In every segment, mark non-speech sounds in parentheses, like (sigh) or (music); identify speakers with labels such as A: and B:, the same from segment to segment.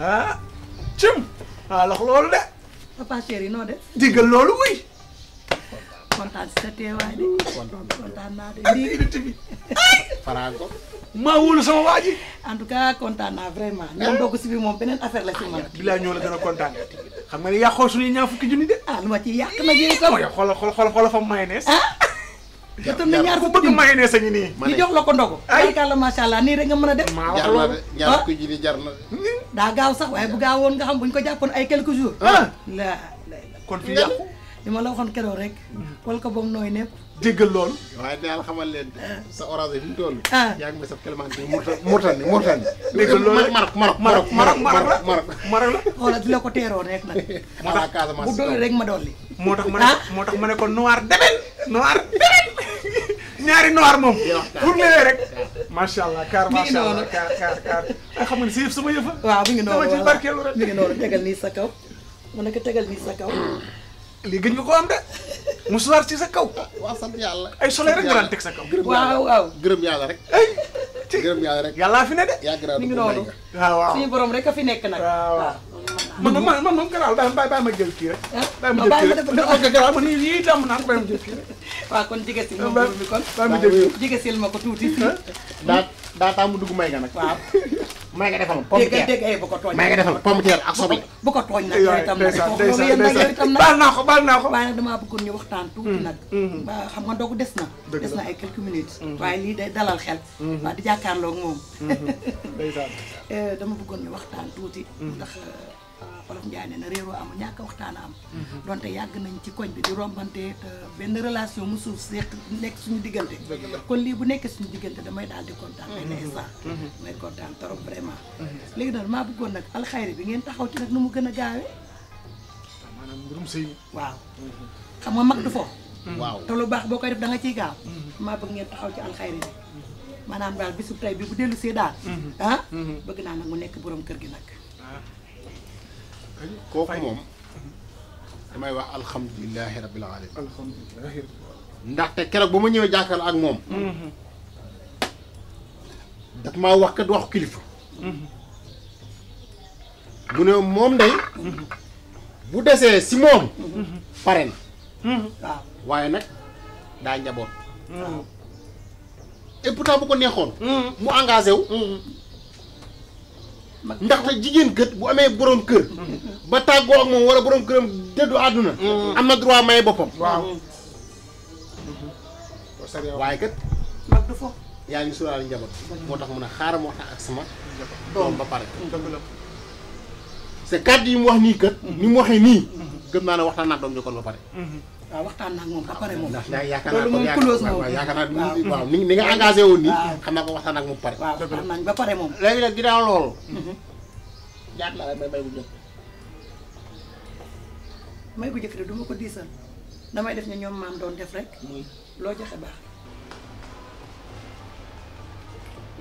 A: ah cim ah lax loolu de. papa chéri yi noo def. loolu wuy. kontaan si sa teewaay de. kontaan naa de lii. faranko. maa wóolu sama waa ji. en tout cas kontaan naa vraiment. Ah. ñoom dogg si bi moom beneen affaire la ci man. bilaay ñoo la gën a kontaan xam nga ne yàqoo suñuy ñaar fukki junni de. ah lu ma ci yàq ah. na ñaar ko a ma ne ñu jox la ko ndogu. ay kàlla nii rek nga mën a def. maa wax loolu jar na
B: jar na. Ah.
A: daa gaaw sax waaye bu gaawoon nga xam bu ñu ko jàppoon ay quelques jours. ah la kon fi yàqu. li ma la waxoon keroog rek. wal ko boog nooy nepp.
B: déggal lool. waaye dinaa la xamal leen ah. sa orange fi mu toll. Ah. yaa ngi may sa clémentine Mourtani Mourtani. déggal lool Maroc Maroc Maroc Maroc Maroc Maroc
A: Maroc la. xoolal di la ko teeroon rek nag. moo tax bu dolli rek ma dolli. moo tax ma ne ah. moo tax ma ne ko noir deben noir deben (laughs) ñaari noir moom. pour léegi rek. macha allah kaar macha allah xam nga si yëf sama yëfa waaw mi ngi noonu dama ci barkeelu sa kaw mu ne te tegal nii sa kaw lii gëj nga ko am de musuwaar ci sa kaw waaw sant yàlla ay soleil rek nga teg
B: sa kaw waaw waaw gërëm yàlla rek ay gërëm yàlla rek yàllaa fi ne de mi ngi noonu waaw waaw
A: suñu rek a fi nekk nag waaw waaw man man man moom ma jël kii rek bàyyi ma jël ma jël kii waaw kon jigéesil ma góor bi kon. jigéesil ko tuuti. daa daa taa mu dugg may nga nag. waaw may nga defal pomme de terre dégg dégg bu ko tooñ. may nga defal pomme ak soble. bu ko tooñ
B: nag yooyu tam nag foofu
A: baal naa ko baal naa ko. waaye nag damaa bëggoon ñu waxtaan tuuti hmm. nag. Hmm. xam nga ndogu des na. des na ay quelques minutes. Hmm. waaye lii day dalal xel. waaw di jàkkaarloo ak moom. (laughs) Eh, dama bëggoon ñu waxtaan tuuti ndax Wolof Njaay ne na réeroo amul ñàkk waxtaan am mhm. donte yàgg nañ ci koñ bi di rombante te euh, benn relation mosul seq nekk suñu diggante kon lii bu nekkee suñu diggante damay daal di kontaan mhm. benn instant mhm. damay kontaan trop vraiment léegi nag maa bëggoon nag alxayri bi ngeen taxaw ci nu mu gën a gaawee maanaam mbirum sëy xam nga mag du fo waaw te lu baax boo koy def da ciy gaaw maa bëgg ngeen taxaw ci alxayri bi maanaam daal bisu tey bi bu dellu see daal ah bëgg naa nag mu nekk boroom kër gi nag
B: ah. kooku moom damay wax alhamdulilahi rabbil alamin alhamdulilahi ndaxte keroog ba ma ñëwee jàkkaar ak moom daf maa wax kat waxu kilifa mu ne moom day bu desee si moom pare na waaye nag daa njaboot hmm. et pourtant bu ko neexoon mu engagé ndaxte jigéen kët bu amee borom kër. ba tàggoo ak moom wala borom këram dëddu àdduna. Mm-hmm. am na droit may boppam. waaw. Mm-hmm. waaye gët mag du fo. yaa ngi sóoraale njaboot. moo tax mun a xaaral ma waxtaan ak sama. doom ba pare. sa mm-hmm. kàddu yi mu wax nii kët. ni mu waxee nii. gëm naa ne waxtaan naa doom jokkoon ba pare. waaw waxtaan na ak moom ba pare moom. ndax yaakaar naa moom yaakaar naa moom waaw ni nga engagé woon nii. xam naa ko waxtaan na ak ba pare moom. léegi nag ginnaaw loolu. Mhm. bu njëkk.
A: may ko diisal damay def ne ñoom maam doon def rek. loo joxe baax.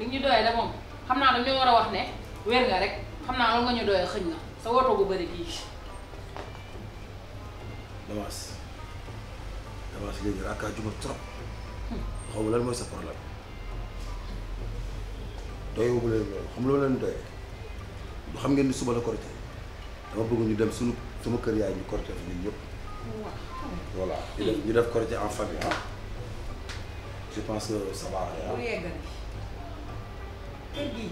A: li ñu doyee de xam naa dañoo war a wax ne wér nga rek xam naa loolu nga ñu doyee xëñ na sa woto bu bëri gii.
B: avance léegi raka juma trop xaw ma lan mooy sa problème doyoobu leen loolu xam leen doyee du xam ngeen ni suba la korité dama bëgg ñu dem suñu sama kër yaay ñu korité fi ñun ñëpp voilà ñu def ñu def korité en famille ah je pense que ça va bu ah.
A: yeggal kër gi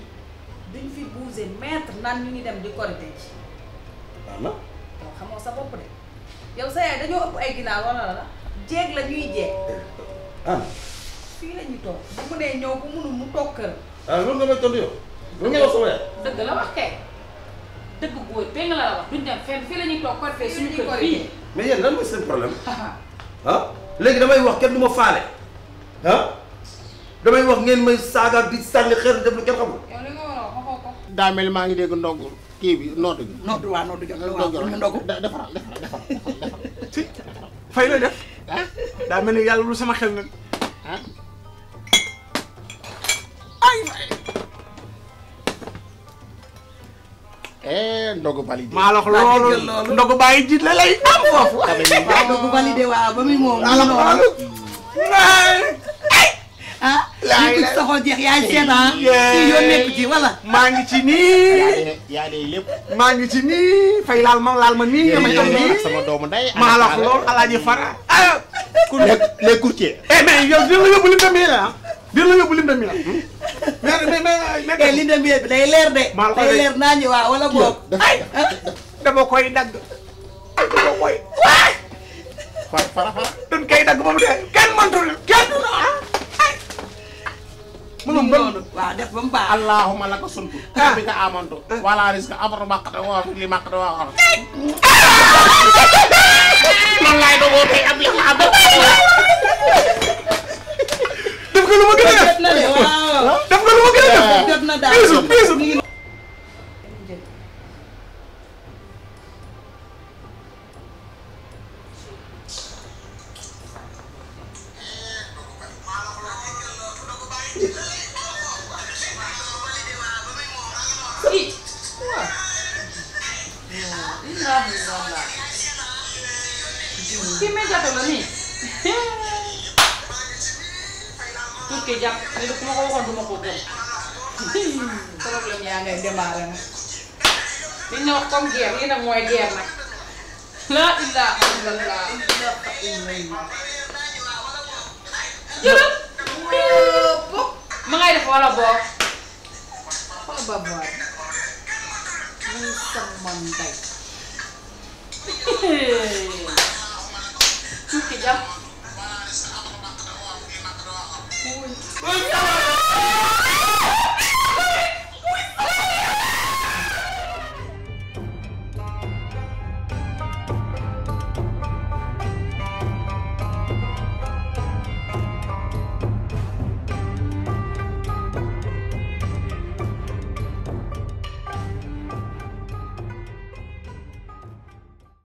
A: duñ fi bougé maître naan ñu ngi dem di korité ci waaw na xamoo sa bopp de yow sa yaay dañoo ëpp ay ginaar wala la jéeg la ñuy jéeg. Ah. ah. fii la ñuy toog bu mënee ñëw bu mënul mu toog kër. ah loolu nga
B: may tontu yow. lu nga
A: la wax kay. fii la ñuy toog côté suñu kër fii.
B: mais lan mooy seen problème. (laughs) Ah. ah léegi damay wax kenn du ma faale. ah damay wax ngeen may saaga bi sànni xeer def lu kenn xamul. yow li nga daa mel maa ngi dégg ndog kii bi nootu bi. nootu waaw nootu jot na waaw ndog jot na fay looy def. daa mel yàlla lu sama eh, maa lox loolu
A: ndogu bàyyi jiit la lay am foofu. waaw ndogu ah, maa ngi ci nii. yaa maa ngi ci nii fay laal ma laal ma nii.
B: maa la wax lool Alaaji Fara. les les
A: courtiers. Eh, mais yow dina la yóbbu lim de millier ah. dina la lim de millier. mais mais lim de millier bi day leer de. maa day leer naa ñu waaw wala boobu. ay dama koy dagg. ay dama koy waay. fara fara. duñ koy dagg moom de
B: kenn mëntu kenn du na
A: mënul loolu waaw def ba mu baax
B: allahumma laka suntu ah. bi ka amantu ah. wala risque abaru màqate waa li màqate waa xam ah.
A: man laay dogoo tey ab li ma am def nga lu ma gën a def turki jàpp ne du ku ma ko waxoon du ma ko gëm problème yaa ngay eh, démarré nag li ñu wax comme guerre lii nag mooy guerre nag laa ilaaha illallaah jëlal ma ngay def wala boog ba boog muy sama ndey turki jàpp